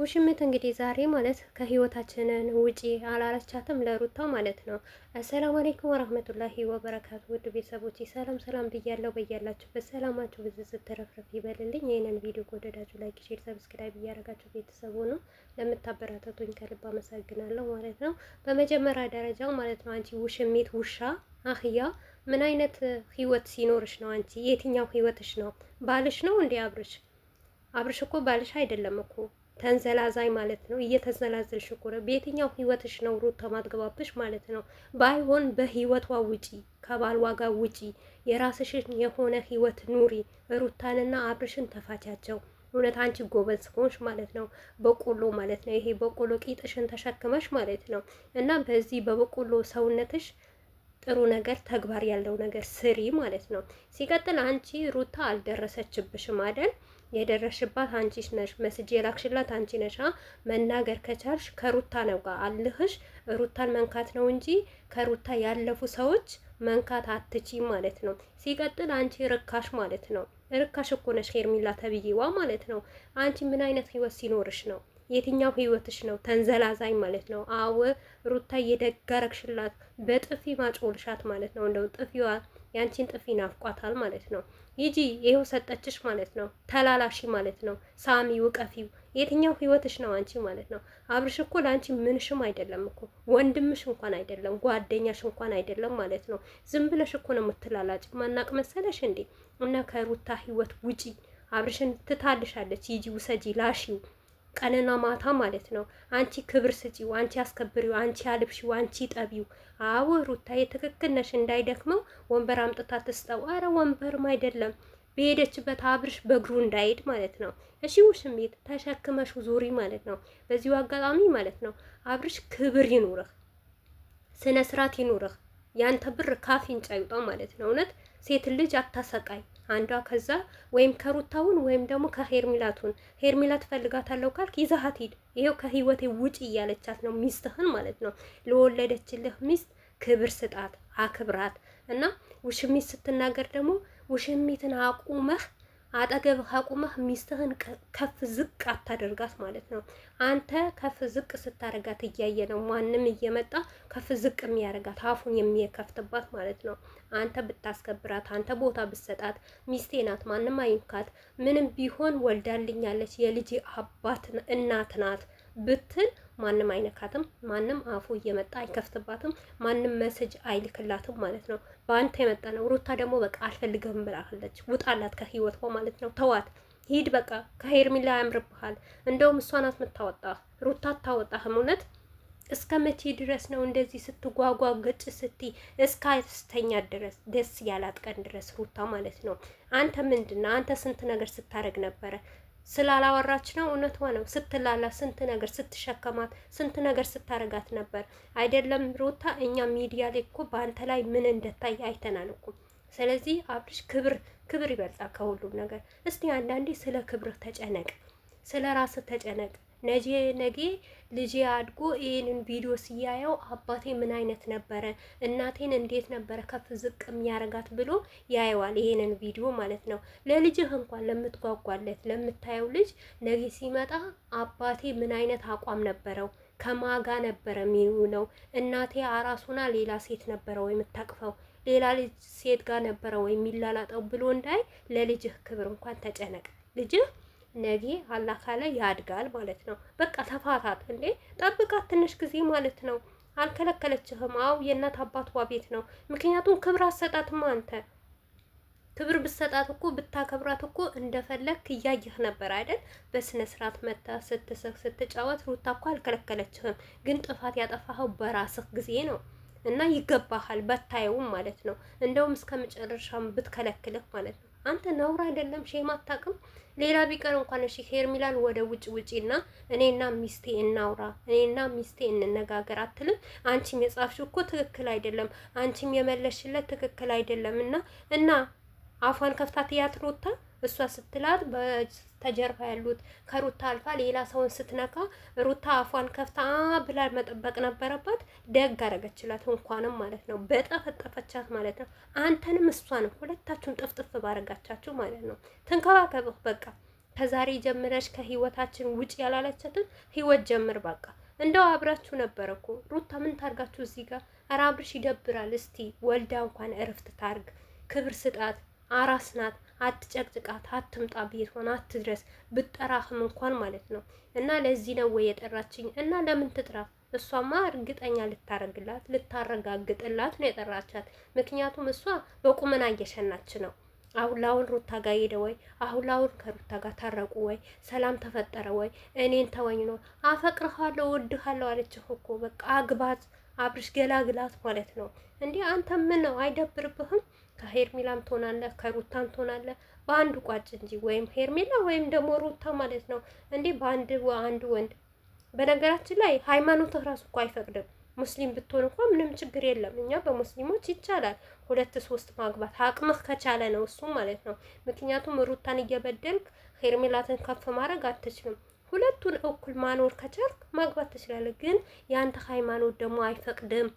ውሽምት እንግዲህ ዛሬ ማለት ከህይወታችንን ውጪ አላለቻትም ለሩታ ማለት ነው። አሰላሙ አለይኩም ወራህመቱላሂ ወበረካቱ ውድ ቤተሰቦች ሰላም ሰላም ብያለሁ። በያላችሁበት በሰላማችሁ ብዙ ስትረፍረፍ ይበልልኝ። ይህንን ቪዲዮ ከወደዳችሁ ላይክ፣ ሼር፣ ሰብስክራይብ እያደረጋችሁ ቤተሰቡ ነው ለምታበረታቱኝ ከልብ አመሰግናለሁ ማለት ነው። በመጀመሪያ ደረጃ ማለት ነው አንቺ ውሽሚት ውሻ አህያ ምን አይነት ህይወት ሲኖርሽ ነው አንቺ? የትኛው ህይወትሽ ነው? ባልሽ ነው እንዴ አብርሽ? አብርሽ እኮ ባልሽ አይደለም እኮ ተንዘላዛይ ማለት ነው። እየተንዘላዘልሽ እኮ ነው። በየትኛው ህይወትሽ ነው ሩታ ማትገባብሽ ማለት ነው። ባይሆን በህይወቷ ውጪ፣ ከባልዋ ጋር ውጪ፣ የራስሽን የሆነ ህይወት ኑሪ። ሩታንና አብርሽን ተፋቻቸው። እውነት አንቺ ጎበዝ ሆንሽ ማለት ነው። በቆሎ ማለት ነው ይሄ በቆሎ ቂጥሽን ተሸክመሽ ማለት ነው። እና በዚህ በበቆሎ ሰውነትሽ ጥሩ ነገር ተግባር ያለው ነገር ስሪ ማለት ነው። ሲቀጥል አንቺ ሩታ አልደረሰችብሽም አይደል? የደረሽባት አንቺሽ ነሽ፣ መስጅ የላክሽላት አንቺ ነሻ። መናገር ከቻልሽ ከሩታ ነው ጋር አልህሽ ሩታን መንካት ነው እንጂ ከሩታ ያለፉ ሰዎች መንካት አትቺ ማለት ነው። ሲቀጥል አንቺ ርካሽ ማለት ነው። ርካሽ እኮ ነሽ ሄርሚላ ተብዬዋ ማለት ነው። አንቺ ምን አይነት ህይወት ሲኖርሽ ነው? የትኛው ህይወትሽ ነው? ተንዘላዛኝ ማለት ነው። አው ሩታ እየደጋረግሽላት በጥፊ ማጮልሻት ማለት ነው። እንደው ጥፊዋ ያንቺን ጥፊ ናፍቋታል ማለት ነው። ሂጂ፣ ይሄው ሰጠችሽ ማለት ነው። ተላላሺ ማለት ነው። ሳሚ ውቀፊው፣ የትኛው ህይወትሽ ነው አንቺ ማለት ነው። አብርሽ እኮ ለአንቺ ምንሽም አይደለም እኮ ወንድምሽ እንኳን አይደለም፣ ጓደኛሽ እንኳን አይደለም ማለት ነው። ዝም ብለሽ እኮ ነው የምትላላጭ። ማናቅ መሰለሽ እንዴ? እና ከሩታ ህይወት ውጪ፣ አብርሽን ትታልሻለች። ሂጂ፣ ውሰጂ፣ ላሺው ቀንና ማታ ማለት ነው። አንቺ ክብር ስጪው፣ አንቺ አስከብሪው፣ አንቺ አልብሺው፣ አንቺ ጠቢው። አዎ ሩታዬ ትክክል ነሽ። እንዳይደክመው ወንበር አምጥታ ትስጠው። አረ ወንበርም አይደለም በሄደችበት አብርሽ በእግሩ እንዳይሄድ ማለት ነው። እሺ ውሽሜት ተሸክመሽ ዙሪ ማለት ነው። በዚሁ አጋጣሚ ማለት ነው አብርሽ ክብር ይኑርህ፣ ስነ ስርዓት ይኑርህ። ያንተ ብር ካፊን ጫይጣ ማለት ነው። እውነት ሴት ልጅ አታሰቃይ። አንዷ ከዛ ወይም ከሩታውን ወይም ደግሞ ከሄርሚላቱን ሄርሚላት ፈልጋታለሁ ካልክ ይዛሃት ሂድ፣ ይሄው ከህይወቴ ውጪ እያለቻት ነው ሚስትህን ማለት ነው። ለወለደችልህ ሚስት ክብር ስጣት፣ አክብራት እና ውሽሚት ስትናገር ደግሞ ውሽሚትን አቁመህ አጠገብህ አቁመህ ሚስትህን ከፍ ዝቅ አታደርጋት ማለት ነው። አንተ ከፍ ዝቅ ስታደርጋት እያየ ነው ማንም እየመጣ ከፍ ዝቅ የሚያደርጋት አፉን የሚከፍትባት ማለት ነው። አንተ ብታስከብራት፣ አንተ ቦታ ብትሰጣት፣ ሚስቴ ናት ማንም አይንካት፣ ምንም ቢሆን ወልዳልኛለች፣ የልጅ አባት እናት ናት ብትል ማንም አይነካትም፣ ማንም አፉ እየመጣ አይከፍትባትም፣ ማንም መሰጅ አይልክላትም ማለት ነው። በአንተ የመጣ ነው። ሩታ ደግሞ በቃ አልፈልግም ብላለች። ውጣላት ከህይወቷ ማለት ነው። ተዋት ሂድ በቃ ከሄርሚላ ያምርብሃል። እንደውም እሷ ናት የምታወጣ፣ ሩታ አታወጣህም። እውነት እስከ መቼ ድረስ ነው እንደዚህ ስትጓጓ ገጭ ስቲ እስከ አስተኛ ድረስ ደስ ያላት ቀን ድረስ ሩታ ማለት ነው። አንተ ምንድን አንተ ስንት ነገር ስታደርግ ነበረ ስላላወራች ነው። እውነቷ ነው። ስትላላ ስንት ነገር ስትሸከማት ስንት ነገር ስታረጋት ነበር አይደለም ሩታ? እኛ ሚዲያ ላይ እኮ በአንተ ላይ ምን እንደታይ አይተናል እኮ። ስለዚህ አብርሽ ክብር ክብር ይበልጣል ከሁሉም ነገር። እስቲ አንዳንዴ ስለ ክብር ተጨነቅ፣ ስለ ራስ ተጨነቅ። ነጄ ነጌ ልጄ አድጎ ይህንን ቪዲዮ ሲያየው አባቴ ምን አይነት ነበረ፣ እናቴን እንዴት ነበረ ከፍ ዝቅ የሚያረጋት ብሎ ያየዋል። ይህንን ቪዲዮ ማለት ነው። ለልጅህ እንኳን ለምትጓጓለት ለምታየው ልጅ ነጌ ሲመጣ አባቴ ምን አይነት አቋም ነበረው ከማጋ ነበረ ነው። እናቴ አራሱና ሌላ ሴት ነበረ ወይ የምታቅፈው ሌላ ልጅ ሴት ጋር ነበረ ወይ የሚላላጠው ብሎ እንዳይ ለልጅህ ክብር እንኳን ተጨነቅ ልጅህ ነገ አላህ ካለ ያድጋል ማለት ነው። በቃ ተፋታት እንዴ፣ ጠብቃት ትንሽ ጊዜ ማለት ነው። አልከለከለችህም። አው የእናት አባቷ ቤት ነው። ምክንያቱም ክብር አሰጣትማ አንተ ክብር ብሰጣት እኮ ብታከብራት እኮ እንደፈለግ እያየህ ነበር አይደል? በስነ ስርዓት መታ ስትስቅ ስትጫወት ሩታ እኮ አልከለከለችህም። ግን ጥፋት ያጠፋኸው በራስህ ጊዜ ነው እና ይገባሃል፣ በታየውም ማለት ነው። እንደውም እስከ መጨረሻም ብትከለክልህ ማለት ነው። አንተ ነውር አይደለም ሼም አታውቅም። ሌላ ቢቀር እንኳን እሺ ሄርሚላን ወደ ውጭ ውጪና እኔና ሚስቴ እናውራ፣ እኔና ሚስቴ እንነጋገር አትልም? አንቺም የጻፍሽው እኮ ትክክል አይደለም፣ አንቺም የመለሽለት ትክክል አይደለም እና እና አፏን ከፍታት ያትሮታ እሷ ስትላት በስተጀርባ ያሉት ከሩታ አልፋ ሌላ ሰውን ስትነካ ሩታ አፏን ከፍታ ብላ መጠበቅ ነበረባት። ደግ አረገችላት እንኳንም ማለት ነው። በጠፈጠፈቻት ማለት ነው። አንተንም እሷንም ሁለታችሁም ጥፍጥፍ ባረጋቻችሁ ማለት ነው። ተንከባከብህ በቃ ከዛሬ ጀምረሽ ከህይወታችን ውጭ ያላለቻትን ህይወት ጀምር በቃ። እንደው አብራችሁ ነበር እኮ ሩታ ምን ታርጋችሁ እዚህ ጋር አራብርሽ ይደብራል። እስቲ ወልዳ እንኳን እረፍት ታርግ፣ ክብር ስጣት። አራስ ናት። አትጨቅጭቃት፣ አትምጣ፣ ቤት ሆና አትድረስ፣ ብጠራህም እንኳን ማለት ነው። እና ለዚህ ነው ወይ የጠራችኝ? እና ለምን ትጥራ? እሷማ እርግጠኛ ልታረግላት ልታረጋግጥላት ነው የጠራቻት። ምክንያቱም እሷ በቁመና እየሸናች ነው። አሁን ላሁን ሩታ ጋር ሄደ ወይ? አሁን ላሁን ከሩታ ጋር ታረቁ ወይ? ሰላም ተፈጠረ ወይ? እኔን ተወኝ ነው። አፈቅርሃለሁ፣ ወድሃለሁ አለችህ እኮ በቃ አግባት አብርሽ ገላግላት ማለት ነው። እንዲህ አንተ ምን ነው አይደብርብህም? ከሄርሜላም ትሆናለህ ከሩታም ትሆናለህ። በአንዱ ቋጭ እንጂ ወይም ሄርሜላ ወይም ደግሞ ሩታ ማለት ነው። እንዲህ በአንድ አንድ ወንድ በነገራችን ላይ ሃይማኖት ራሱ እኮ አይፈቅድም። ሙስሊም ብትሆን እኮ ምንም ችግር የለም። እኛ በሙስሊሞች ይቻላል ሁለት ሶስት ማግባት አቅምህ ከቻለ ነው እሱም ማለት ነው። ምክንያቱም ሩታን እየበደልክ ሄርሜላትን ከፍ ማድረግ አትችልም። ሁለቱን እኩል ማኖር ከቻልክ ማግባት ትችላለህ። ግን የአንተ ሃይማኖት ደግሞ አይፈቅድም።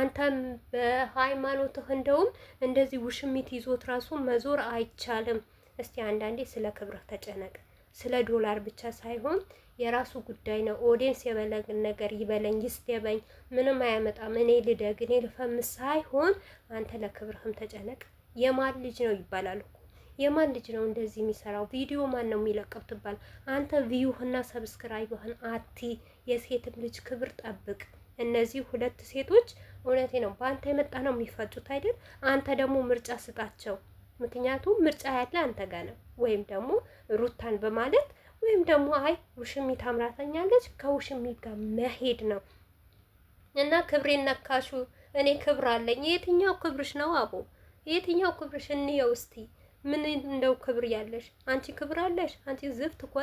አንተም በሃይማኖትህ እንደውም እንደዚህ ውሽሚት ይዞት ራሱ መዞር አይቻልም። እስቲ አንዳንዴ ስለ ክብርህ ተጨነቅ። ስለ ዶላር ብቻ ሳይሆን የራሱ ጉዳይ ነው። ኦዲየንስ የበለግን ነገር ይበለኝ ይስደበኝ፣ ምንም አያመጣም። እኔ ልደግ፣ እኔ ሳይሆን አንተ ለክብርህም ተጨነቅ። የማን ልጅ ነው ይባላል እኮ የማን ልጅ ነው እንደዚህ የሚሰራው? ቪዲዮ ማን ነው የሚለቀው ትባል። አንተ ቪዩህና ሰብስክራይብህን አቲ የሴትም ልጅ ክብር ጠብቅ። እነዚህ ሁለት ሴቶች እውነቴ ነው በአንተ የመጣ ነው የሚፈጩት አይደል? አንተ ደግሞ ምርጫ ስጣቸው። ምክንያቱም ምርጫ ያለ አንተ ጋ ነው። ወይም ደግሞ ሩታን በማለት ወይም ደግሞ አይ ውሽሚት ታምራተኛለች ከውሽሚት ጋር መሄድ ነው እና ክብሬን ነካሹ። እኔ ክብር አለኝ። የትኛው ክብርሽ ነው አቦ? የትኛው ክብርሽ እንየው እስቲ። ምን እንደው ክብር ያለሽ አንቺ ክብር አለሽ አንቺ ዝፍት እኮ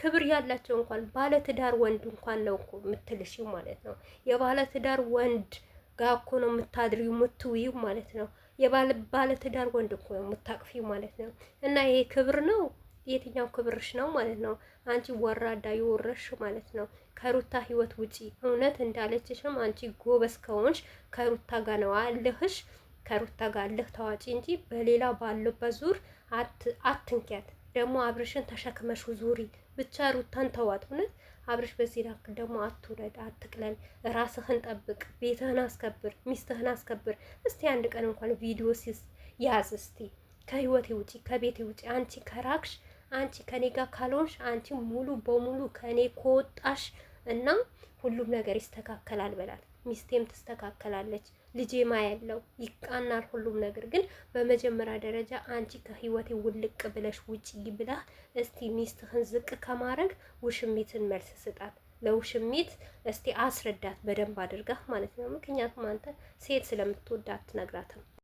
ክብር ያላቸው እንኳን ባለትዳር ወንድ እንኳን ነው እኮ የምትልሽው ማለት ነው። የባለትዳር ወንድ ጋር እኮ ነው የምታድሪው የምትውይው ማለት ነው። የባለትዳር ወንድ እኮ ነው የምታቅፊው ማለት ነው። እና ይሄ ክብር ነው? የትኛው ክብርሽ ነው ማለት ነው? አንቺ ወራዳ የወረሽ ማለት ነው። ከሩታ ህይወት ውጪ እውነት እንዳለችሽም አንቺ ጎበዝ ከሆንሽ ከሩታ ጋ ነው አለህሽ ከሩታ ጋር ልህ ታዋጪ እንጂ በሌላ ባለበት ዙር አትንኪያት። ደግሞ አብርሽን ተሸክመሽ ዙሪ ብቻ ሩታን ተዋት። እውነት አብርሽ በዚህ ላክ ደግሞ አትቅለል፣ ራስህን ጠብቅ፣ ቤትህን አስከብር፣ ሚስትህን አስከብር። እስቲ አንድ ቀን እንኳን ቪዲዮ ሲስ ያዝ። እስቲ ከህይወቴ ውጪ ከቤቴ ውጪ አንቺ ከራክሽ አንቺ ከኔ ጋር ካልሆንሽ አንቺ ሙሉ በሙሉ ከኔ ከወጣሽ እና ሁሉም ነገር ይስተካከላል በላት። ሚስቴም ትስተካከላለች። ልጄ ማ ያለው ይቃናል ሁሉም ነገር። ግን በመጀመሪያ ደረጃ አንቺ ከህይወቴ ውልቅ ብለሽ ውጪ ብላ እስቲ ሚስትህን ዝቅ ከማድረግ ውሽሚትን መልስ ስጣት። ለውሽሚት እስቲ አስረዳት በደንብ አድርጋ ማለት ነው። ምክንያቱም አንተ ሴት ስለምትወዳ አትነግራትም።